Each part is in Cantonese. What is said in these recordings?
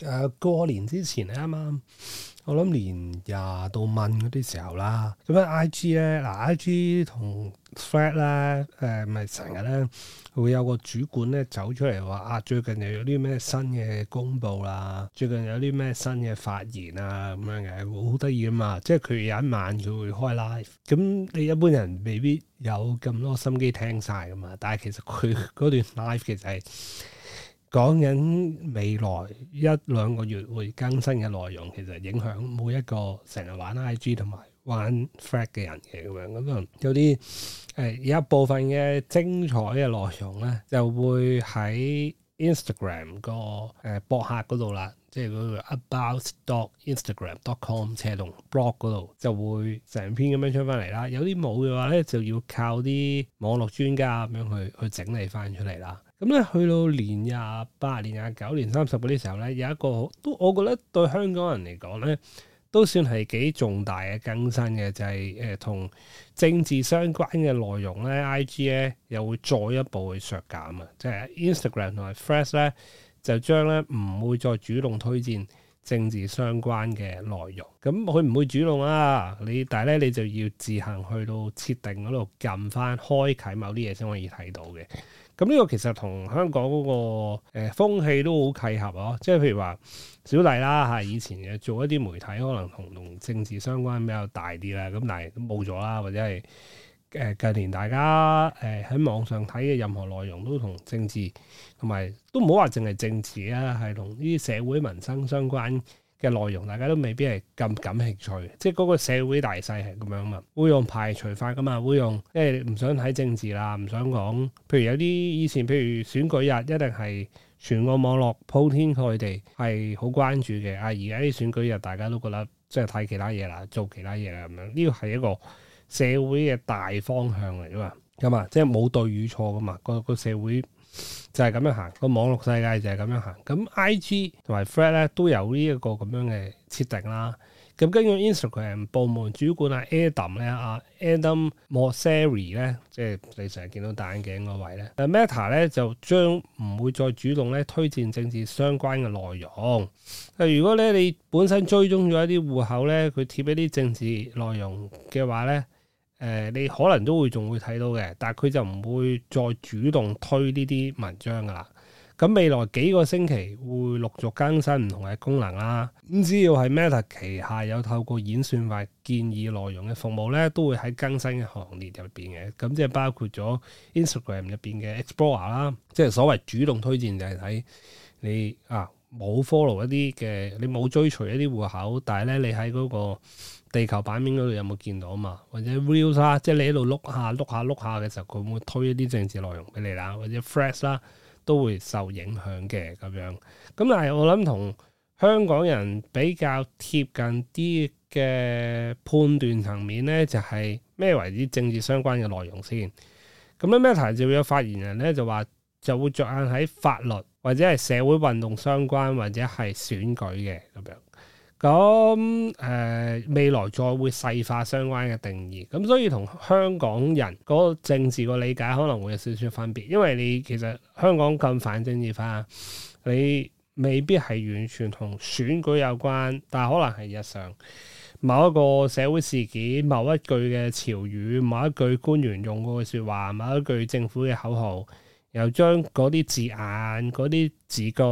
誒、呃，過年之前咧，啱啱我諗年廿到問嗰啲時候啦，咁樣 I G 咧，嗱 I G 同 Thread 咧，誒，咪成日咧會有個主管咧走出嚟話啊，最近又有啲咩新嘅公布啦，最近有啲咩新嘅發言啊，咁樣嘅，好得意啊嘛，即係佢有一晚佢會開 live，咁你一般人未必有咁多心機聽晒噶嘛，但係其實佢嗰段 live 其實係。講緊未來一兩個月會更新嘅內容，其實影響每一個成日玩 IG 同埋玩 Frat 嘅人嘅咁樣。咁啊，有啲誒有一部分嘅精彩嘅內容咧，就會喺 Instagram 個誒博客嗰度啦，即係嗰個 aboutdotinstagram.com 斜龍 blog 嗰度就會成篇咁樣出翻嚟啦。有啲冇嘅話咧，就要靠啲網絡專家咁樣去去整理翻出嚟啦。咁咧，去到年廿八、年廿九、年三十嗰啲時候咧，有一個都，我覺得對香港人嚟講咧，都算係幾重大嘅更新嘅，就係誒同政治相關嘅內容咧，IG 咧又會再一步去削減啊，即係 Instagram 同埋 Fresh 咧就將咧唔會再主動推薦政治相關嘅內容。咁佢唔會主動啊，你但係咧你就要自行去到設定嗰度撳翻開啓某啲嘢先可以睇到嘅。咁呢，嗯這個其實同香港嗰、那個誒、呃、風氣都好契合咯，啊，即係譬如話小麗啦嚇，以前誒做一啲媒體，可能同同政治相關比較大啲啦，咁但係都冇咗啦，或者係誒、呃、近年大家誒喺、呃、網上睇嘅任何內容都同政治同埋都唔好話淨係政治啊，係同呢啲社會民生相關。嘅內容大家都未必係咁感興趣，即係嗰個社會大勢係咁樣嘛，會用排除法噶嘛，會用即係唔想睇政治啦，唔想講，譬如有啲以前譬如選舉日一定係全個網絡鋪天蓋地係好關注嘅。啊而家啲選舉日大家都覺得即係睇其他嘢啦，做其他嘢啦咁樣，呢個係一個社會嘅大方向嚟噶嘛，咁啊即係冇對與錯噶嘛，個個社會。就係咁樣行，這個網絡世界就係咁樣行。咁 IG 同埋 Threads 咧都有呢一個咁樣嘅設定啦。咁根據 Instagram 部門主管阿 Adam 咧，阿 Adam Mosseri 咧，即係你成日見到戴眼鏡嗰位咧。Meta 咧就將唔會再主動咧推薦政治相關嘅內容。如果咧你本身追蹤咗一啲戶口咧，佢貼一啲政治內容嘅話咧。誒、呃，你可能都會仲會睇到嘅，但係佢就唔會再主動推呢啲文章噶啦。咁、嗯、未來幾個星期會陸續更新唔同嘅功能啦。唔只要係 Meta 旗下有透過演算法建議內容嘅服務咧，都會喺更新嘅行列入邊嘅。咁即係包括咗 Instagram 入邊嘅 Explorer 啦，即係所謂主動推薦就係睇你啊冇 follow 一啲嘅，你冇追隨一啲戶口，但係咧你喺嗰、那個。地球版面嗰度有冇見到吖嘛？或者 views 啦，即係你喺度碌下碌下碌下嘅時候，佢會推一啲政治內容俾你啦，或者 fresh 啦，都會受影響嘅咁樣。咁但係我諗同香港人比較貼近啲嘅判斷層面咧，就係、是、咩為之政治相關嘅內容先？咁樣 Meta 就有發言人咧，就話就會着眼喺法律或者係社會運動相關，或者係選舉嘅咁樣。咁誒、呃、未來再會細化相關嘅定義，咁所以同香港人嗰個政治個理解可能會有少少分別，因為你其實香港咁反政治化，你未必係完全同選舉有關，但係可能係日常某一個社會事件、某一句嘅潮語、某一句官員用過嘅説話、某一句政府嘅口號。又將嗰啲字眼、嗰啲字句、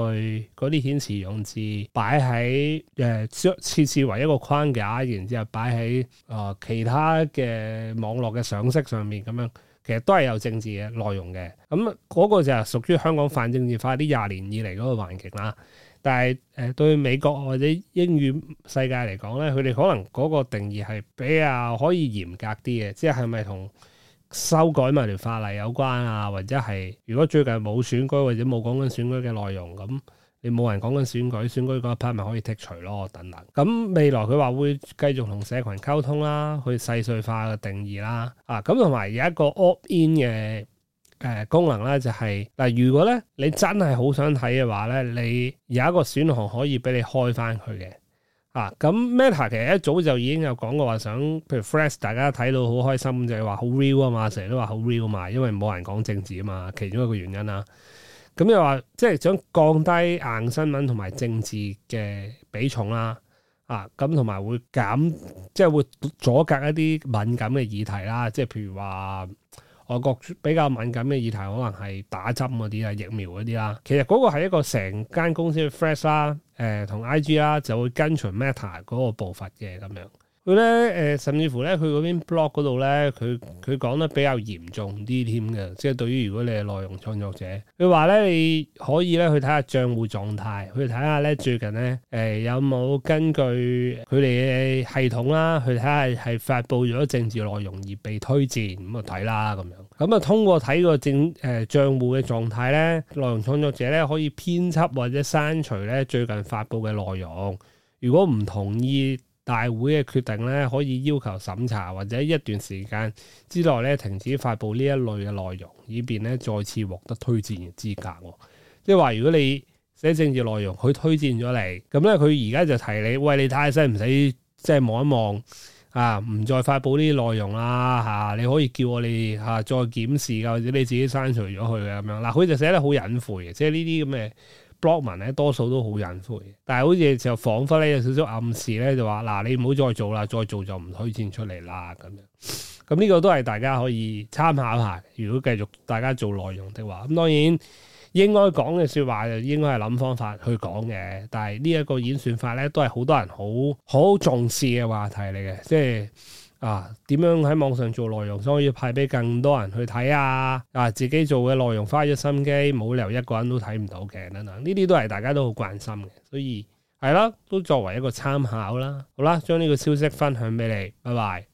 嗰啲遣詞用字擺喺誒將設置為一個框架，然之後擺喺啊、呃、其他嘅網絡嘅上色上面咁樣，其實都係有政治嘅內容嘅。咁、嗯、嗰、那個就係屬於香港泛政治化啲廿年以嚟嗰個環境啦。但係誒、呃、對美國或者英語世界嚟講咧，佢哋可能嗰個定義係比較可以嚴格啲嘅，即係係咪同修改埋條法例有關啊，或者係如果最近冇選舉或者冇講緊選舉嘅內容咁，你冇人講緊選舉，選舉嗰一 part 咪可以剔除咯。等等咁未來佢話會繼續同社群溝通啦，去細碎化嘅定義啦啊，咁同埋有一個 opt-in 嘅誒、呃、功能咧，就係、是、嗱，如果咧你真係好想睇嘅話咧，你有一個選項可以俾你開翻佢嘅。咁、啊、Meta 其實一早就已經有講過話想，譬如 flash，大家睇到好開心，就係話好 real 啊嘛，成日都話好 real 啊嘛，因為冇人講政治啊嘛，其中一個原因啦、啊。咁又話即係想降低硬新聞同埋政治嘅比重啦、啊，啊，咁同埋會減，即係會阻隔一啲敏感嘅議題啦、啊，即係譬如話外國比較敏感嘅議題，可能係打針嗰啲啊、疫苗嗰啲啦。其實嗰個係一個成間公司嘅 flash 啦、啊。誒同 IG 啦，呃、就會跟隨 Meta 嗰個步伐嘅咁樣。佢咧，誒、呃、甚至乎咧，佢嗰邊 blog 嗰度咧，佢佢講得比較嚴重啲添嘅，即係對於如果你係內容創作者，佢話咧，你可以咧去睇下賬戶狀態，去睇下咧最近咧，誒、呃、有冇根據佢哋嘅系統啦，去睇下係發布咗政治內容而被推薦咁啊睇啦咁樣，咁啊通過睇個政誒賬戶嘅狀態咧，內容創作者咧可以編輯或者刪除咧最近發布嘅內容，如果唔同意。大會嘅決定咧，可以要求審查或者一段時間之內咧停止發布呢一類嘅內容，以便咧再次獲得推薦嘅資格。即係話，如果你寫政治內容，佢推薦咗你，咁咧佢而家就提你，喂，你睇下使唔使即係望一望啊，唔再發布呢啲內容啦嚇、啊。你可以叫我你嚇、啊、再檢視㗎，或者你自己刪除咗佢嘅咁樣。嗱、啊，佢就寫得好隱晦嘅，即係呢啲咁嘅。blog 文咧多數都好隱晦，但係好似就彷彿咧有少少暗示咧，就話嗱、啊、你唔好再做啦，再做就唔推薦出嚟啦咁樣。咁、嗯、呢、這個都係大家可以參考下。如果繼續大家做內容的話，咁當然應該講嘅説話就應該係諗方法去講嘅。但係呢一個演算法咧，都係好多人好好重視嘅話題嚟嘅，即係。啊，點樣喺網上做內容，所以要派俾更多人去睇啊！啊，自己做嘅內容花咗心機，冇理由一個人都睇唔到嘅等等，呢啲都係大家都好關心嘅，所以係啦，都作為一個參考啦，好啦，將呢個消息分享俾你，拜拜。